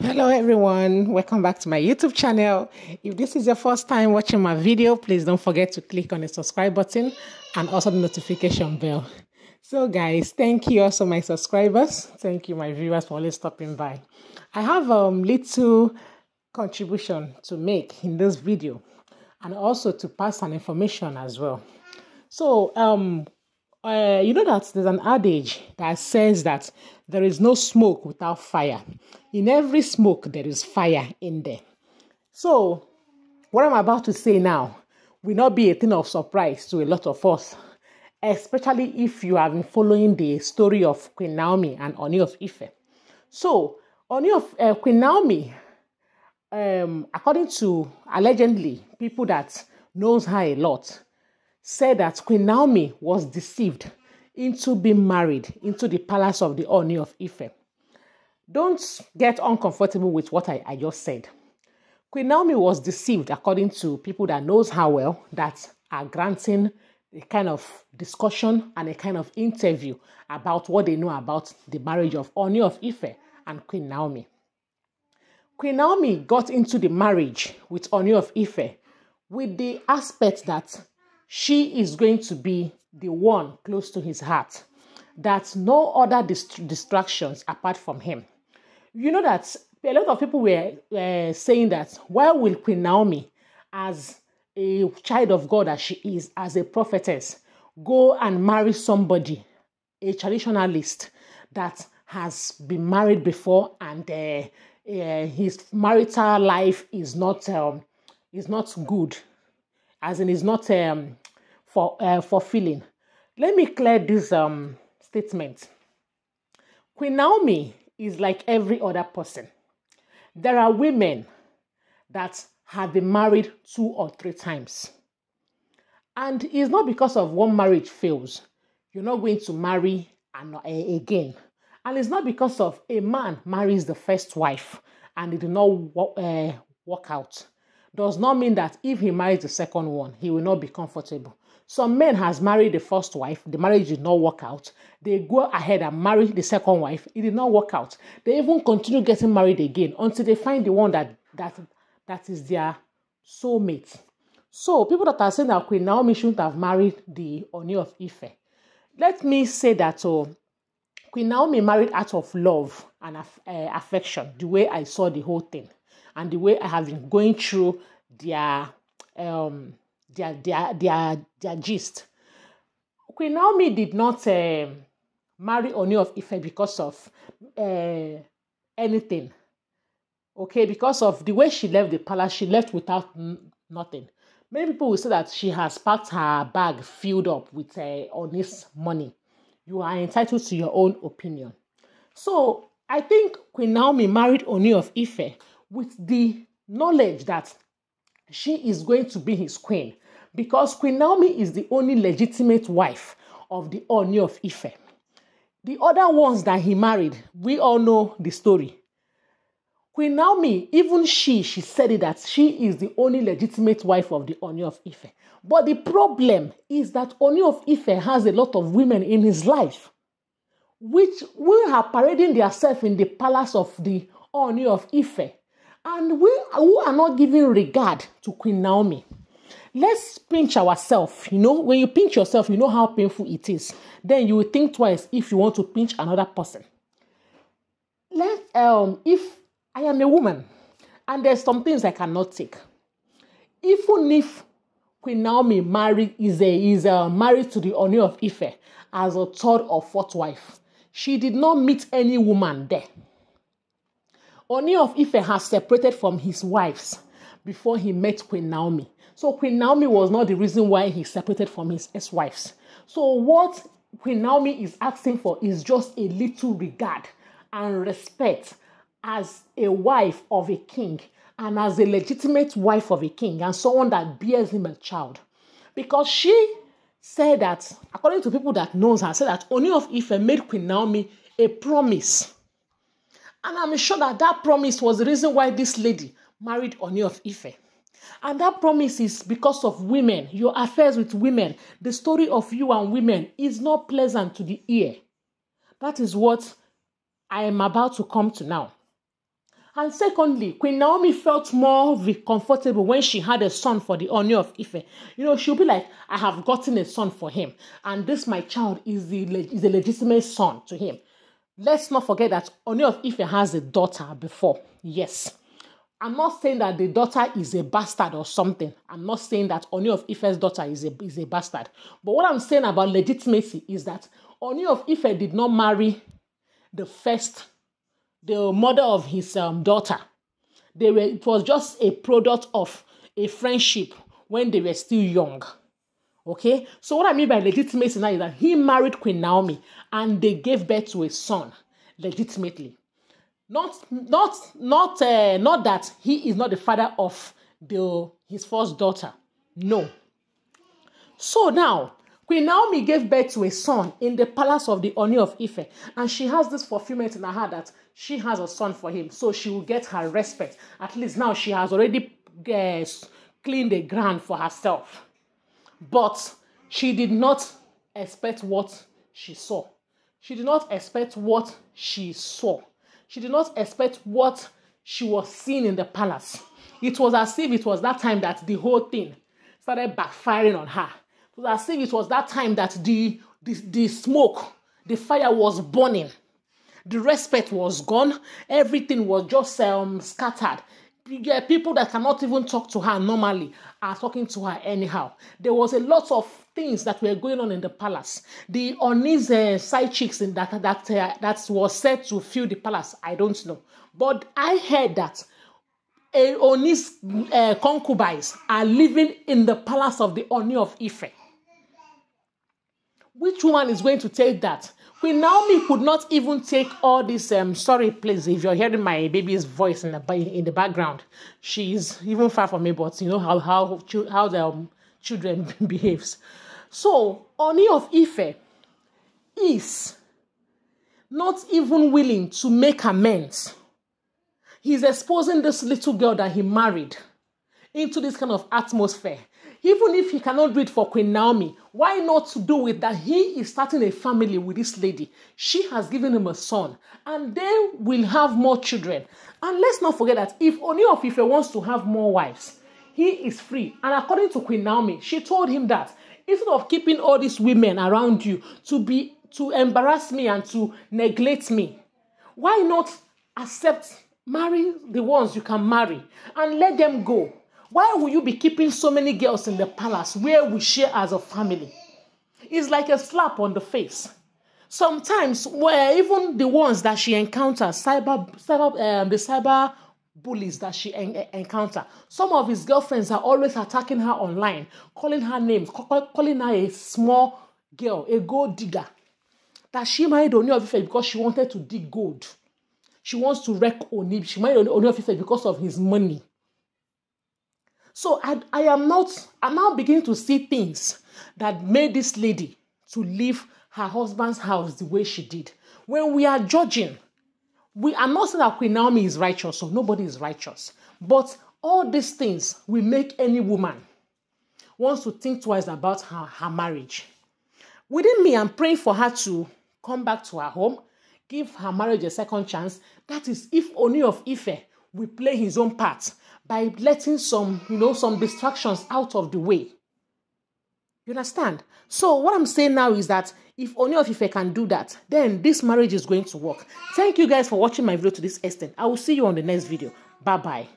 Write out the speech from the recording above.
Hello everyone, welcome back to my YouTube channel. If this is your first time watching my video, please don't forget to click on the subscribe button and also the notification bell. So guys, thank you also my subscribers. Thank you my viewers for always stopping by. I have a um, little contribution to make in this video and also to pass an information as well. So um, uh, you know that there's an adage that says that there is no smoke without fire. In every smoke, there is fire in there. So, what I'm about to say now will not be a thing of surprise to a lot of us, especially if you have been following the story of Queen Naomi and Oni of Ife. So, Oni of uh, Queen Naomi, um, according to allegedly people that knows her a lot, said that Queen Naomi was deceived into being married into the palace of the Oni of Ife. Don't get uncomfortable with what I, I just said. Queen Naomi was deceived, according to people that knows her well, that are granting a kind of discussion and a kind of interview about what they know about the marriage of Oni of Ife and Queen Naomi. Queen Naomi got into the marriage with Oni of Ife with the aspect that she is going to be the one close to his heart. That's no other dist- distractions apart from him. You know that a lot of people were uh, saying that why will Queen Naomi, as a child of God as she is, as a prophetess, go and marry somebody, a traditionalist that has been married before and uh, uh, his marital life is not um, is not good as in it's not um, for uh, fulfilling. Let me clear this um, statement. Queen Naomi is like every other person. There are women that have been married two or three times. And it's not because of one marriage fails, you're not going to marry and, uh, again. And it's not because of a man marries the first wife and it did not uh, work out does not mean that if he marries the second one, he will not be comfortable. Some men has married the first wife, the marriage did not work out. They go ahead and marry the second wife, it did not work out. They even continue getting married again until they find the one that that that is their soulmate. So people that are saying that Queen Naomi shouldn't have married the Oni of Ife, let me say that oh, Queen Naomi married out of love and uh, affection, the way I saw the whole thing. and the way I have been going through their um their their their, their gist. Queen Naomi did not uh, marry Oni of Ife because of uh, anything. Okay, because of the way she left the palace, she left without nothing. Many people will say that she has packed her bag filled up with uh, honest money. You are entitled to your own opinion. So I think Queen Naomi married Oni of Ife with the knowledge that she is going to be his queen because Queen Naomi is the only legitimate wife of the Oni of Ife. The other ones that he married, we all know the story. Queen Naomi, even she, she said it that she is the only legitimate wife of the Oni of Ife. But the problem is that Oni of Ife has a lot of women in his life, which will are parading themselves in the palace of the Oni of Ife and we who are not giving regard to Queen Naomi. Let's pinch ourselves. You know, when you pinch yourself, you know how painful it is. Then you will think twice if you want to pinch another person. Let um, if I am a woman and there's some things I cannot take. Even if Queen Naomi married is a, is a uh, married to the Oni of Ife as a third or fourth wife, she did not meet any woman there. Oni of Ife has separated from his wives before he met Queen Naomi. So Queen Naomi was not the reason why he separated from his ex-wives. So what Queen Naomi is asking for is just a little regard and respect as a wife of a king and as a legitimate wife of a king and someone that bears him a child. Because she said that, according to people that knows her, said that Oni of Ife made Queen Naomi a promise and I'm sure that that promise was the reason why this lady married Oni of Ife. And that promise is because of women, your affairs with women. The story of you and women is not pleasant to the ear. That is what I am about to come to now. And secondly, Queen Naomi felt more comfortable when she had a son for the honor of Ife. You know, she'll be like, I have gotten a son for him, and this my child is the, is the legitimate son to him let's not forget that Oni of Ife has a daughter before. Yes. I'm not saying that the daughter is a bastard or something. I'm not saying that Oni of Ife's daughter is a, is a bastard. But what I'm saying about legitimacy is that Oni of Ife did not marry the first, the mother of his um, daughter. They were, it was just a product of a friendship when they were still young. Okay, so what I mean by legitimacy now is that he married Queen Naomi and they gave birth to a son legitimately. Not, not, not, uh, not that he is not the father of the his first daughter. No. So now Queen Naomi gave birth to a son in the palace of the Oni of Ife, and she has this fulfillment in her heart that she has a son for him, so she will get her respect. At least now she has already uh, cleaned the ground for herself. but she did not expect what she saw. She did not expect what she saw. She did not expect what she was seeing in the palace. It was as if it was that time that the whole thing started backfiring on her. It was as if it was that time that the, the, the smoke, the fire was burning. The respect was gone. Everything was just um, scattered. people that cannot even talk to her normally are talking to her anyhow. There was a lot of things that were going on in the palace. The Onis uh, side chicks in that that uh, that was said to fill the palace. I don't know, but I heard that uh, Onis uh, concubines are living in the palace of the Oni of Ife. Which woman is going to take that? Queen Naomi could not even take all this. Um, sorry, please, if you're hearing my baby's voice in the in the background, she's even far from me. But you know how how how the um, children behaves. So Oni of Ife is not even willing to make amends. He's exposing this little girl that he married into this kind of atmosphere even if he cannot do it for Queen Naomi, why not do it that he is starting a family with this lady? She has given him a son, and they will have more children. And let's not forget that if Oni of Ife wants to have more wives, he is free. And according to Queen Naomi, she told him that instead of keeping all these women around you to be to embarrass me and to neglect me, why not accept marry the ones you can marry and let them go why will you be keeping so many girls in the palace where we share as a family? It's like a slap on the face. Sometimes, where even the ones that she encounters, cyber, cyber, um, the cyber bullies that she en encounter. Some of his girlfriends are always attacking her online, calling her names, calling her a small girl, a gold digger. That she married Oniofife because she wanted to dig gold. She wants to wreck Onib. She married Oniofife because of his money. So I, I am not, I'm now beginning to see things that made this lady to leave her husband's house the way she did. When we are judging, we are not saying that Queen Naomi is righteous, so nobody is righteous. But all these things will make any woman wants to think twice about her, her marriage. Within me, I'm praying for her to come back to her home, give her marriage a second chance. That is, if Oni of Ife will play his own part by letting some, you know, some distractions out of the way. You understand? So what I'm saying now is that if only if I can do that, then this marriage is going to work. Thank you guys for watching my video to this extent. I will see you on the next video. Bye-bye.